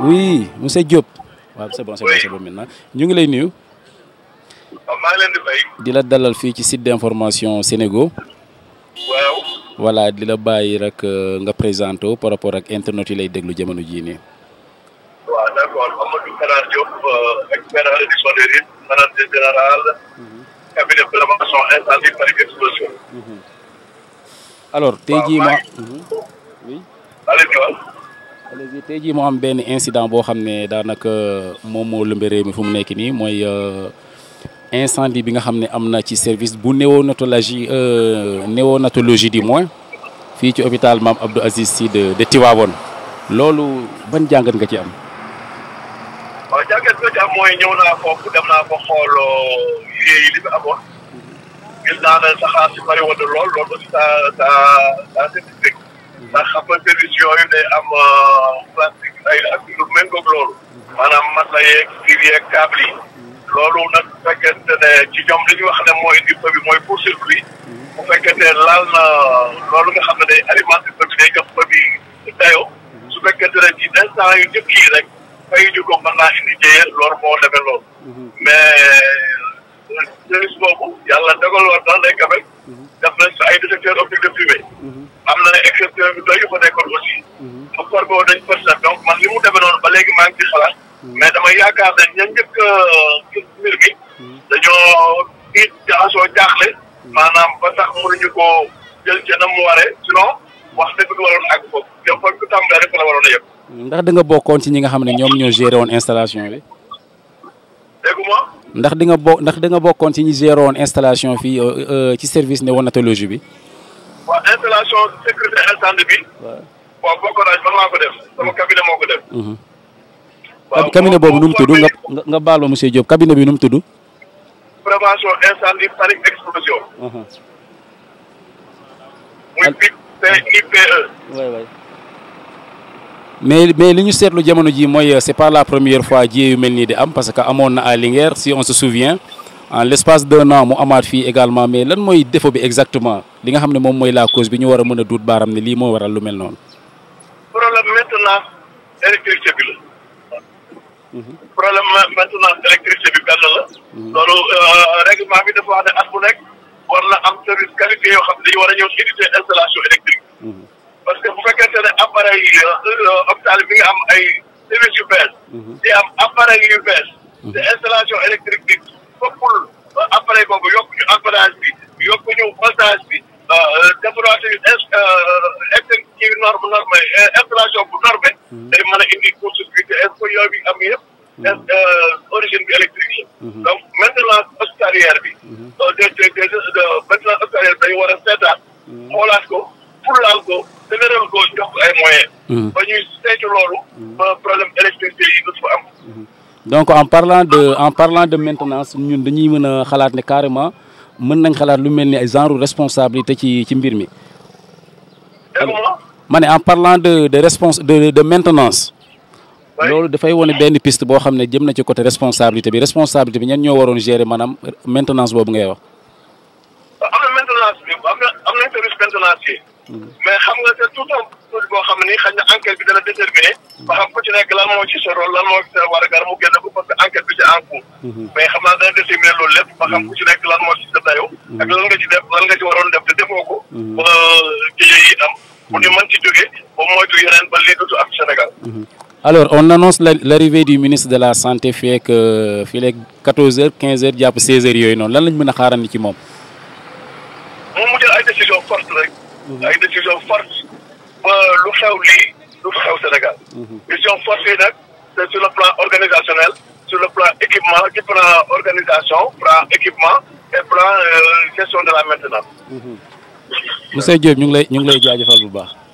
oui monsieur Diop. waaw c'est bon c'est bon c'est ñu ngi lay nuyu. Ah, di la dalal fii ci site d'information Sénégo. waaw. di la bàyyi rek euh, nga présenté par rapport ak internet yi lay déglu jamono jii nii. waaw d'accord euh, mhm. mhm. jii ma. te tey jii mu am benn incident boo xam ne daanaka moom moo lëmbe réew mi fu mu nekk nii mooy euh, incendie bi nga xam ne am na ci service bu néonatologie euh, néonatologie du moins fii ci hôpital Maam Abdou Aziz Sy de de loolu ban jàngat nga ci am. waaw ñëw naa foofu dem naa ko xool euh, liggéey li fi amoon. gis naa saxaar si bëri woon na lool loolu aussi daa daa daa ndax xam nga service yooyu day am euh, a ay ak lu méngoog loolu maanaam matelas yeeg fil yeeg câble yi loolu nag bu fekkente ci jom li ñu wax ne mooy indi feu mooy court-circuit bu fekkente ne laal na loolu nga xam ne day alimenté feu bi day jox feu bi dayo su ne ci instant yi rek fay ñu ko mën naa indi jéye loolu moo demee loolu mhm. mais euh, service boobu yàlla dogal war na day kafe problème bi doy yu fa mhm. ba sax mu demee noonu ba léegi maa ngi ci xalaat. Mhm. mais damay yaakaar ne ña njëkk mhm. waree ndax da nga bokkoon ci ñi nga xam ne ñoom ñoo géré woon installation bi. ndax di nga bo ndax da bokkoon ci ñi géré woon installation fii euh, euh, ci service néonatologie bi. installation sécurité incendie bi. waaw waaw bokk naa man maa ko def mhm. boobu nu mu nga nga baal ma monsieur Diop bi nu mu mhm. e. mais mais li ñu seetlu jamono ji mooy euh, c'est pas la première fois ji yu mel nii di am parce que amoon na à Linguère si on se souvient. en l'espace d'un an mu amaat fii également mais lan mooy défaut bi exactement li nga xam ne moom mooy la cause bi ñu war a mën a duut baaram ne lii moo waral lu mel noonu. problème maintenant électricité bi mhm. problème maintenant électricité bi benn la. Mhm. loolu euh, règlement wax ne at bu nekk war am service qualité xam ne war a ñëw unité installation électrique. Mhm. parce que bu fekkente ne appareil yi euh, euh, hôpital bi am ay services yu bees. di am appareil yu bees. te installation foppul appareil boobu yokk ñu emballage bi yokk ñu montage bi ah, euh, defaraatuñu kii euh, norme norme euh, installation bu normé hmm. day mën a indi court-circuit est-ce bi am yëpp hmm. origine bi électrique hmm. donc maintenance hospitalière bi de de de maintenance hospitalière day war a seetaat xoolaat ko fulaal ko ko jox ko ay ba ñuy saytu loolu ba problème électricité yi du fa am donc en parlant de en parlant de maintenance ñun dañuy mën a xalaat ne carrément mën nañ xalaat lu mel ni ay genre responsabilité ci ci mbir mi. ma ne en parlant de de respons de de maintenance. loolu dafay wane benn piste boo xam ne jëm na ci côté responsabilité bi responsabilité bi ñenn ñoo waroon gérer maanaam maintenance boobu ngay wax. mais xam nga c'est tout un produit boo xam ne xëy na enquête bi dana déterminer ba xam ku ci nekk lan moo ci sa rôle lan moo ci sa wargar mu génn bi ci mhm. xam naa dana déterminer loolu mhm. ci nekk mhm. ak lan nga ci def def te defoo ko ba jëye yi am ci jóge ba moytu yeneen ba lii dootu am Sénégal alors on annonce l'arrivée du ministre de la santé fii ak euh, fii leeg quatorze heures quinze heures jàpp seize heures yooyu noonu lan lañ mën a xaarandi ci moom moom mu ay décision forte Mhm. ay décision forte lu xew lii lu xew Sénégal. Mhm. décision forte yi nag c' est sur le plan organisationnel sur le plan équipement ci plan organisation plan équipement et plan euh, gestion de la maintenance. Mhm. monsieur Diop ñu ngi lay ñu ngi lay jaajëfal bu baax.